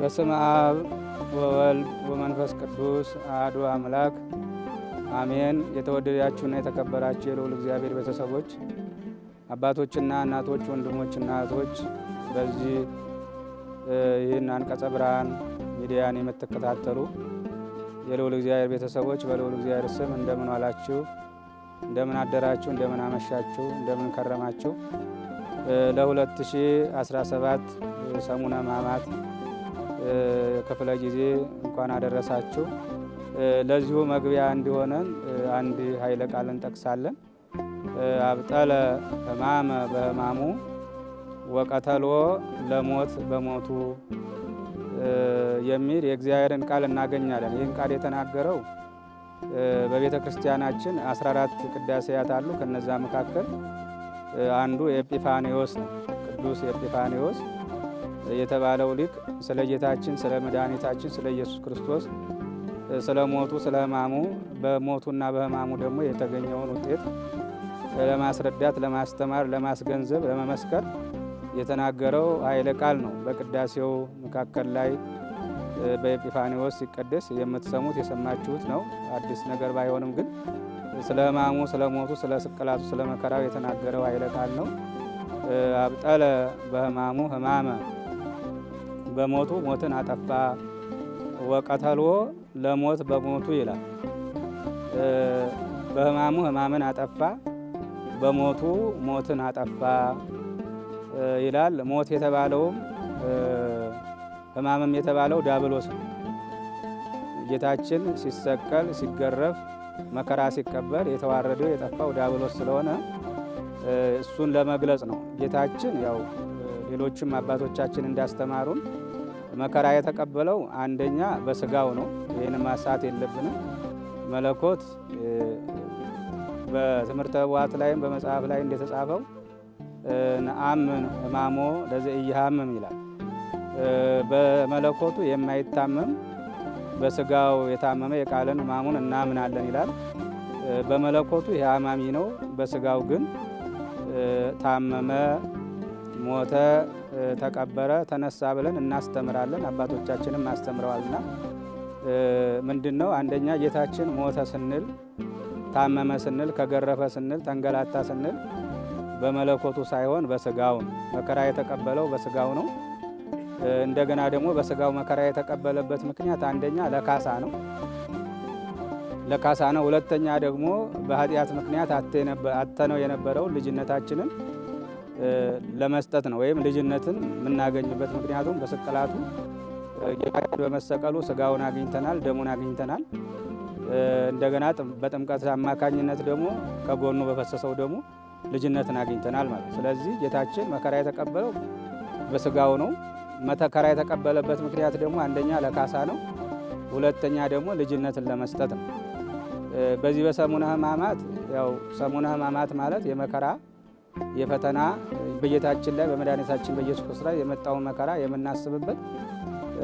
በስም አብ ወወልድ ወመንፈስ ቅዱስ አሐዱ አምላክ አሜን። የተወደዳችሁና የተከበራችሁ የልዑል እግዚአብሔር ቤተሰቦች፣ አባቶችና እናቶች፣ ወንድሞችና እህቶች በዚህ ይህን አንቀጸ ብርሃን ሚዲያን የምትከታተሉ የልዑል እግዚአብሔር ቤተሰቦች በልዑል እግዚአብሔር ስም እንደምን ዋላችሁ፣ እንደምን አደራችሁ፣ እንደምን አመሻችሁ፣ እንደምን ከረማችሁ። ለ2017 ሰሙነ ሕማማት ክፍለ ጊዜ እንኳን አደረሳችሁ። ለዚሁ መግቢያ እንዲሆነን አንድ ኃይለ ቃል እንጠቅሳለን። አብጠለ ህማመ በህማሙ ወቀተሎ ለሞት በሞቱ የሚል የእግዚአብሔርን ቃል እናገኛለን። ይህን ቃል የተናገረው በቤተ ክርስቲያናችን 14 ቅዳሴያት አሉ። ከነዛ መካከል አንዱ ኤጲፋኔዎስ ነው። ቅዱስ ኤጲፋኔዎስ የተባለው ሊቅ ስለ ጌታችን ስለ መድኃኒታችን ስለ ኢየሱስ ክርስቶስ ስለ ሞቱ ስለ ሕማሙ በሞቱና በሕማሙ ደግሞ የተገኘውን ውጤት ለማስረዳት፣ ለማስተማር፣ ለማስገንዘብ፣ ለመመስከር የተናገረው ኃይለ ቃል ነው። በቅዳሴው መካከል ላይ በኤጲፋኒዎስ ሲቀደስ የምትሰሙት የሰማችሁት ነው። አዲስ ነገር ባይሆንም ግን ስለ ሕማሙ ስለ ሞቱ ስለ ስቅላቱ ስለ መከራው የተናገረው ኃይለ ቃል ነው። አብጠለ በሕማሙ ሕማመ በሞቱ ሞትን አጠፋ ወቀተሎ ለሞት በሞቱ ይላል። በህማሙ ህማምን አጠፋ በሞቱ ሞትን አጠፋ ይላል። ሞት የተባለውም ህማምም የተባለው ዳብሎስ ነው። ጌታችን ሲሰቀል ሲገረፍ መከራ ሲቀበል የተዋረደው የጠፋው ዳብሎስ ስለሆነ እሱን ለመግለጽ ነው። ጌታችን ያው ሌሎችም አባቶቻችን እንዳስተማሩን መከራ የተቀበለው አንደኛ በስጋው ነው። ይህን ማሳት የለብንም። መለኮት በትምህርተ ኅቡዓት ላይም በመጽሐፍ ላይ እንደተጻፈው ነአምን ሕማሞ ለዘኢይሃመም ይላል። በመለኮቱ የማይታመም በስጋው የታመመ የቃልን ሕማሙን እናምናለን ይላል። በመለኮቱ የአማሚ ነው፣ በስጋው ግን ታመመ፣ ሞተ ተቀበረ፣ ተነሳ ብለን እናስተምራለን። አባቶቻችንም አስተምረዋልና ምንድን ነው አንደኛ ጌታችን ሞተ ስንል፣ ታመመ ስንል፣ ከገረፈ ስንል፣ ተንገላታ ስንል በመለኮቱ ሳይሆን በስጋው ነው። መከራ የተቀበለው በስጋው ነው። እንደገና ደግሞ በስጋው መከራ የተቀበለበት ምክንያት አንደኛ ለካሳ ነው ለካሳ ነው። ሁለተኛ ደግሞ በኃጢአት ምክንያት አተነው የነበረውን ልጅነታችንን ለመስጠት ነው ወይም ልጅነትን የምናገኝበት። ምክንያቱም በስቅላቱ ጌታችን በመሰቀሉ ስጋውን አግኝተናል፣ ደሙን አግኝተናል። እንደገና በጥምቀት አማካኝነት ደግሞ ከጎኑ በፈሰሰው ደግሞ ልጅነትን አግኝተናል ማለት። ስለዚህ ጌታችን መከራ የተቀበለው በስጋው ነው። መተከራ የተቀበለበት ምክንያት ደግሞ አንደኛ ለካሳ ነው፣ ሁለተኛ ደግሞ ልጅነትን ለመስጠት ነው። በዚህ በሰሙነ ሕማማት ያው ሰሙነ ሕማማት ማለት የመከራ የፈተና በጌታችን ላይ በመድኃኒታችን በኢየሱስ ክርስቶስ ላይ የመጣውን መከራ የምናስብበት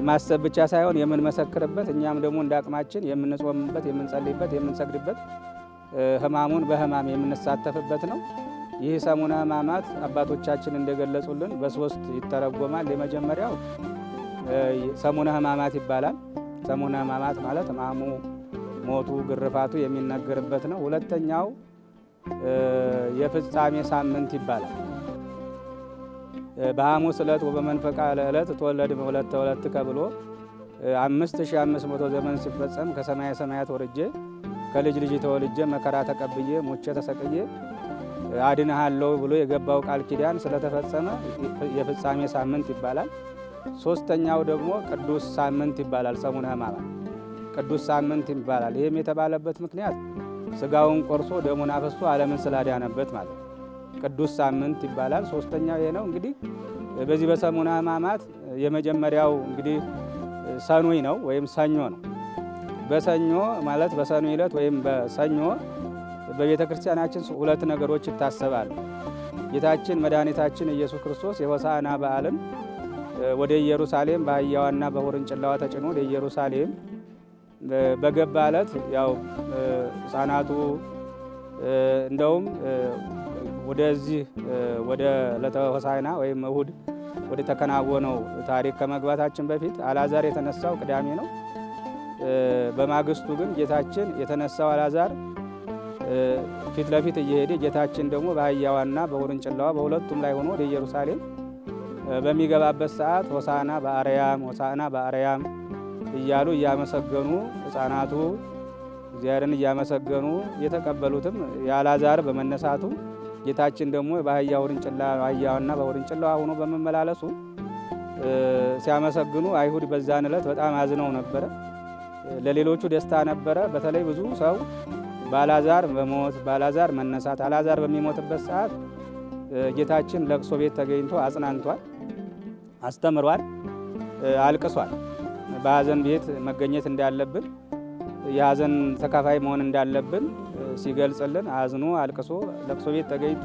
ማሰብ ብቻ ሳይሆን የምንመሰክርበት እኛም ደግሞ እንደ አቅማችን የምንጾምበት፣ የምንጸልይበት፣ የምንሰግድበት ሕማሙን በሕማም የምንሳተፍበት ነው። ይህ ሰሙነ ሕማማት አባቶቻችን እንደገለጹልን በሶስት ይተረጎማል። የመጀመሪያው ሰሙነ ሕማማት ይባላል። ሰሙነ ሕማማት ማለት ሕማሙ፣ ሞቱ፣ ግርፋቱ የሚነገርበት ነው። ሁለተኛው የፍጻሜ ሳምንት ይባላል። በሐሙስ ዕለት ወበመንፈቃ ዕለት ተወለድ በሁለት ሁለት ከብሎ አምስት ሺህ አምስት መቶ ዘመን ሲፈጸም ከሰማየ ሰማያት ወርጄ ከልጅ ልጅ ተወልጄ መከራ ተቀብዬ ሙቼ ተሰቅዬ አድንሃለሁ ብሎ የገባው ቃል ኪዳን ስለተፈጸመ የፍጻሜ ሳምንት ይባላል። ሶስተኛው ደግሞ ቅዱስ ሳምንት ይባላል። ሰሙነ ሕማማት ቅዱስ ሳምንት ይባላል። ይህም የተባለበት ምክንያት ስጋውን ቆርሶ ደሙን አፈሶ ዓለምን ስላዳነበት ማለት ነው። ቅዱስ ሳምንት ይባላል። ሶስተኛው ይሄ ነው እንግዲህ በዚህ በሰሙነ ሕማማት የመጀመሪያው እንግዲህ ሰኑይ ነው ወይም ሰኞ ነው። በሰኞ ማለት በሰኑይ ዕለት ወይም በሰኞ በቤተ ክርስቲያናችን ሁለት ነገሮች ይታሰባሉ። ጌታችን መድኃኒታችን ኢየሱስ ክርስቶስ የሆሳዕና በዓልን ወደ ኢየሩሳሌም በአህያዋና በውርንጭላዋ ተጭኖ ወደ ኢየሩሳሌም በገባ ዕለት ያው ህፃናቱ እንደውም ወደዚህ ወደ ዕለተ ሆሳዕና ወይም እሁድ ወደ ተከናወነው ታሪክ ከመግባታችን በፊት አላዛር የተነሳው ቅዳሜ ነው። በማግስቱ ግን ጌታችን የተነሳው አላዛር ፊት ለፊት እየሄደ ጌታችን ደግሞ በአህያዋና በውርንጭላዋ በሁለቱም ላይ ሆኖ ወደ ኢየሩሳሌም በሚገባበት ሰዓት ሆሳዕና በአርያም ሆሳዕና በአርያም እያሉ እያመሰገኑ ህፃናቱ እግዚአብሔርን እያመሰገኑ የተቀበሉትም የአላዛር በመነሳቱ ጌታችን ደግሞ በአህያ ውርንጭላ አህያና በውርንጭላ ሆኖ በመመላለሱ ሲያመሰግኑ አይሁድ በዛን ዕለት በጣም አዝነው ነበረ። ለሌሎቹ ደስታ ነበረ። በተለይ ብዙ ሰው ባላዛር በሞት በአልዓዛር መነሳት አላዛር በሚሞትበት ሰዓት ጌታችን ለቅሶ ቤት ተገኝቶ አጽናንቷል፣ አስተምሯል፣ አልቅሷል። በሀዘን ቤት መገኘት እንዳለብን የሀዘን ተካፋይ መሆን እንዳለብን ሲገልጽልን አዝኖ አልቅሶ ለቅሶ ቤት ተገኝቶ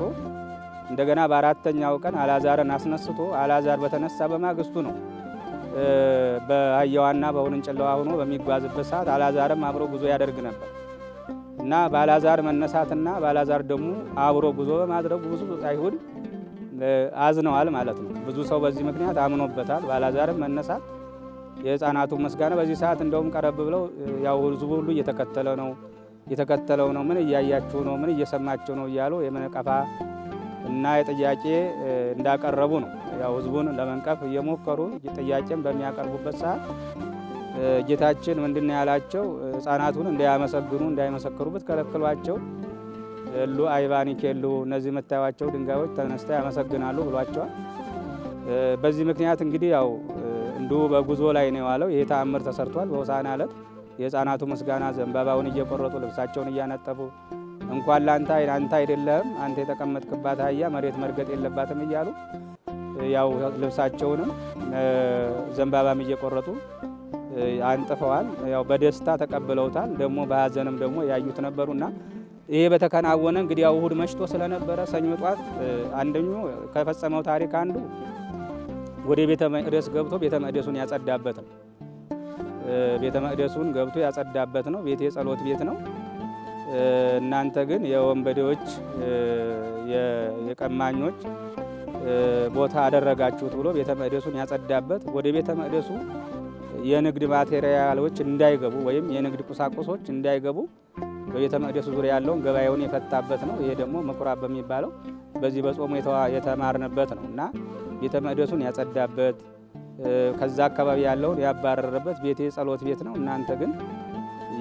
እንደገና በአራተኛው ቀን አላዛርን አስነስቶ አላዛር በተነሳ በማግስቱ ነው በአህያዋና በውርንጭላዋ ሆኖ በሚጓዝበት ሰዓት አላዛርም አብሮ ጉዞ ያደርግ ነበር እና በአላዛር መነሳትና በአላዛር ደግሞ አብሮ ጉዞ በማድረጉ ብዙ አይሁድ አዝነዋል ማለት ነው። ብዙ ሰው በዚህ ምክንያት አምኖበታል። በአላዛርም መነሳት የህፃናቱ ምስጋና በዚህ ሰዓት እንደውም ቀረብ ብለው ያው ህዝቡ ሁሉ እየተከተለ ነው እየተከተለው ነው ምን እያያችሁ ነው ምን እየሰማችሁ ነው እያሉ የመነቀፋ እና የጥያቄ እንዳቀረቡ ነው። ያው ህዝቡን ለመንቀፍ እየሞከሩ ጥያቄን በሚያቀርቡበት ሰዓት ጌታችን ምንድን ያላቸው ህፃናቱን እንዳያመሰግኑ እንዳይመሰክሩበት ከለክሏቸው ሉ አይባኒክ የሉ እነዚህ የምታዩቸው ድንጋዮች ተነስተ ያመሰግናሉ ብሏቸዋል። በዚህ ምክንያት እንግዲህ ያው እንዲሁ በጉዞ ላይ ነው የዋለው። ይህ ተአምር ተሰርቷል። በሆሳዕና ዕለት የህፃናቱ ምስጋና ዘንባባውን እየቆረጡ ልብሳቸውን እያነጠፉ እንኳን ላንተ አንተ አይደለም አንተ የተቀመጥክባት አህያ መሬት መርገጥ የለባትም እያሉ ያው ልብሳቸውንም ዘንባባም እየቆረጡ አንጥፈዋል። ያው በደስታ ተቀብለውታል። ደግሞ በሀዘንም ደግሞ ያዩት ነበሩና ይሄ በተከናወነ እንግዲህ ያው እሁድ መሽቶ ስለነበረ ሰኞ ጧት አንደኛው ከፈጸመው ታሪክ አንዱ ወደ ቤተ መቅደስ ገብቶ ቤተ መቅደሱን ያጸዳበት ነው። ቤተ መቅደሱን ገብቶ ያጸዳበት ነው። ቤቴ የጸሎት ቤት ነው። እናንተ ግን የወንበዴዎች የቀማኞች ቦታ አደረጋችሁት ብሎ ቤተ መቅደሱን ያጸዳበት ወደ ቤተ መቅደሱ የንግድ ማቴሪያሎች እንዳይገቡ ወይም የንግድ ቁሳቁሶች እንዳይገቡ በቤተ መቅደሱ ዙሪያ ያለውን ገበያውን የፈታበት ነው። ይሄ ደግሞ ምኩራብ በሚባለው በዚህ በጾሙ የተማርንበት ነው እና ቤተ መቅደሱን ያጸዳበት ከዛ አካባቢ ያለውን ያባረረበት ቤቴ ጸሎት ቤት ነው፣ እናንተ ግን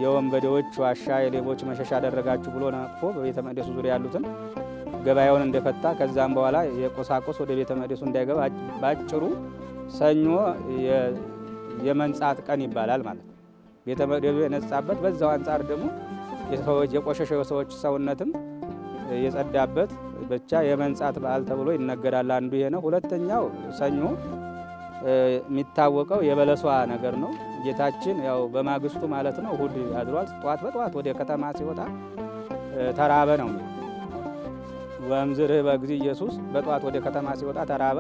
የወንበዴዎች ዋሻ፣ የሌቦች መሸሻ አደረጋችሁ ብሎ ነቅፎ በቤተ መቅደሱ ዙሪያ ያሉትን ገበያውን እንደፈታ ከዛም በኋላ የቁሳቁስ ወደ ቤተ መቅደሱ እንዳይገባ ባጭሩ ሰኞ የመንጻት ቀን ይባላል ማለት ነው። ቤተ መቅደሱ የነጻበት በዛው አንጻር ደግሞ የቆሸሸው ሰዎች ሰውነትም የጸዳበት ብቻ የመንጻት በዓል ተብሎ ይነገራል። አንዱ ይሄ ነው። ሁለተኛው ሰኞ የሚታወቀው የበለሷ ነገር ነው። ጌታችን ያው በማግስቱ ማለት ነው እሁድ አድሯል። ጠዋት በጠዋት ወደ ከተማ ሲወጣ ተራበ ነው። ወእምዝርህ በግዚ ኢየሱስ በጠዋት ወደ ከተማ ሲወጣ ተራበ።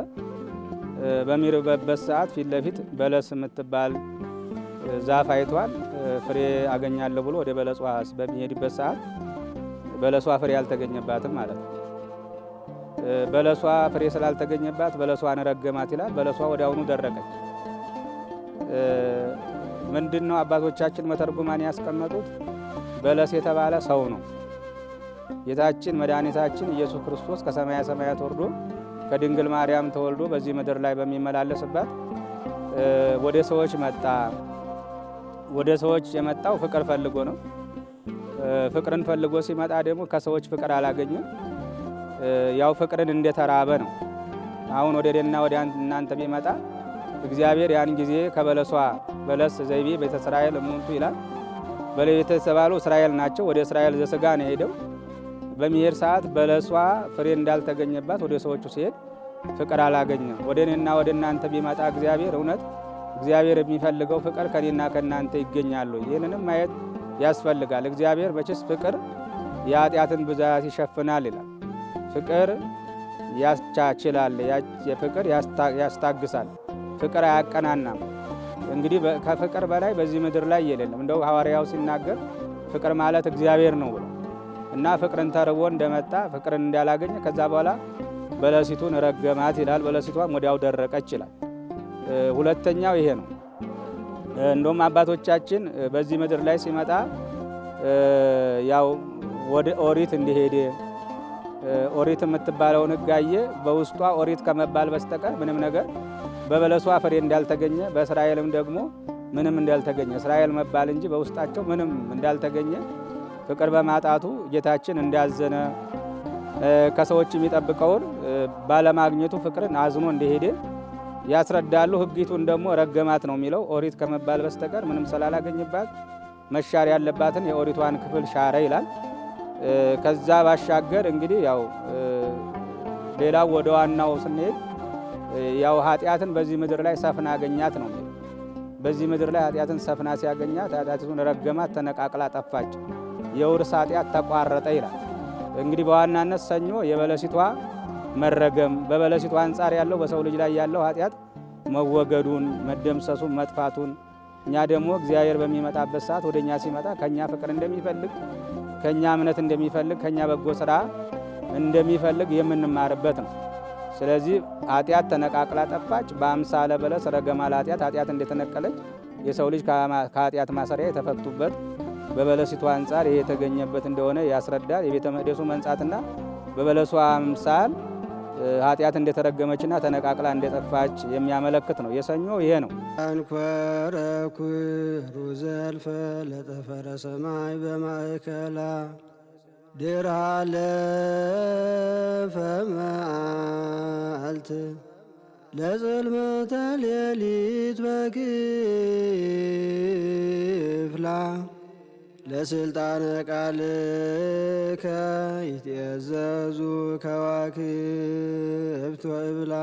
በሚርበበት ሰዓት ፊት ለፊት በለስ የምትባል ዛፍ አይቷል። ፍሬ አገኛለሁ ብሎ ወደ በለጿ በሚሄድበት ሰዓት በለሷ ፍሬ አልተገኘባትም ማለት ነው። በለሷ ፍሬ ስላልተገኘባት በለሷን ረገማት ይላል። በለሷ ወዲያውኑ ደረቀች። ምንድን ነው አባቶቻችን መተርጉማን ያስቀመጡት? በለስ የተባለ ሰው ነው። ጌታችን መድኃኒታችን ኢየሱስ ክርስቶስ ከሰማያ ሰማያት ወርዶ ከድንግል ማርያም ተወልዶ በዚህ ምድር ላይ በሚመላለስባት ወደ ሰዎች መጣ። ወደ ሰዎች የመጣው ፍቅር ፈልጎ ነው። ፍቅርን ፈልጎ ሲመጣ ደግሞ ከሰዎች ፍቅር አላገኘም። ያው ፍቅርን እንደተራበ ነው። አሁን ወደ ደና ወደ እናንተ ቢመጣ እግዚአብሔር ያን ጊዜ ከበለሷ በለስ ዘይቤ ቤተ እስራኤል እሙንቱ ይላል። በቤተ የተባሉ እስራኤል ናቸው። ወደ እስራኤል ዘስጋ ነው ሄደው በሚሄድ ሰዓት በለሷ ፍሬ እንዳልተገኘባት ወደ ሰዎቹ ሲሄድ ፍቅር አላገኘም። ወደ እኔና ወደ እናንተ ቢመጣ እግዚአብሔር እውነት እግዚአብሔር የሚፈልገው ፍቅር ከኔና ከእናንተ ይገኛሉ። ይህንንም ማየት ያስፈልጋል። እግዚአብሔር መቼስ ፍቅር የኃጢአትን ብዛት ይሸፍናል ይላል። ፍቅር ያቻችላል፣ የፍቅር ያስታግሳል፣ ፍቅር አያቀናናም። እንግዲህ ከፍቅር በላይ በዚህ ምድር ላይ የሌለም። እንደው ሐዋርያው ሲናገር ፍቅር ማለት እግዚአብሔር ነው ብሎ እና ፍቅርን ተርቦ እንደመጣ ፍቅርን እንዳላገኘ ከዛ በኋላ በለሲቱን ረገማት ይላል። በለሲቷም ወዲያው ደረቀች ይላል። ሁለተኛው ይሄ ነው። እንደውም አባቶቻችን በዚህ ምድር ላይ ሲመጣ ያው ወደ ኦሪት እንዲሄድ ኦሪት የምትባለውን ሕግ በውስጧ ኦሪት ከመባል በስተቀር ምንም ነገር በበለሷ ፍሬ እንዳልተገኘ በእስራኤልም ደግሞ ምንም እንዳልተገኘ እስራኤል መባል እንጂ በውስጣቸው ምንም እንዳልተገኘ ፍቅር በማጣቱ ጌታችን እንዳዘነ ከሰዎች የሚጠብቀውን ባለማግኘቱ ፍቅርን አዝኖ እንደሄደ ያስረዳሉ። ህጊቱን ደግሞ ረገማት ነው የሚለው። ኦሪት ከመባል በስተቀር ምንም ስላላገኝባት መሻር ያለባትን የኦሪቷን ክፍል ሻረ ይላል። ከዛ ባሻገር እንግዲህ ያው ሌላው ወደ ዋናው ስንሄድ ያው ኃጢአትን በዚህ ምድር ላይ ሰፍና አገኛት ነው። በዚህ ምድር ላይ ኃጢአትን ሰፍና ሲያገኛት ኃጢአቱን ረገማት፣ ተነቃቅላ ጠፋች፣ የውርስ ኃጢአት ተቋረጠ ይላል። እንግዲህ በዋናነት ሰኞ የበለሲቷ መረገም በበለሲቱ አንጻር ያለው በሰው ልጅ ላይ ያለው ኃጢአት መወገዱን መደምሰሱን መጥፋቱን እኛ ደግሞ እግዚአብሔር በሚመጣበት ሰዓት ወደ እኛ ሲመጣ ከእኛ ፍቅር እንደሚፈልግ ከእኛ እምነት እንደሚፈልግ ከእኛ በጎ ስራ እንደሚፈልግ የምንማርበት ነው። ስለዚህ ኃጢአት ተነቃቅላ ጠፋች። በአምሳለ በለስ ረገማ ለኃጢአት ኃጢአት እንደተነቀለች የሰው ልጅ ከኃጢአት ማሰሪያ የተፈቱበት በበለሲቱ አንጻር ይሄ የተገኘበት እንደሆነ ያስረዳል። የቤተ መቅደሱ መንጻትና በበለሱ አምሳል ኃጢአት እንደተረገመችና ተነቃቅላ እንደጠፋች የሚያመለክት ነው። የሰኞ ይሄ ነው። አንኮረኩሩ ዘልፈ ለጠፈረ ሰማይ በማእከላ ድራ ለፈመአልት ለጽልመተ ሌሊት በክፍላ ለስልጣነ ቃልከ ይትእዘዙ ከዋክብት ወእብላ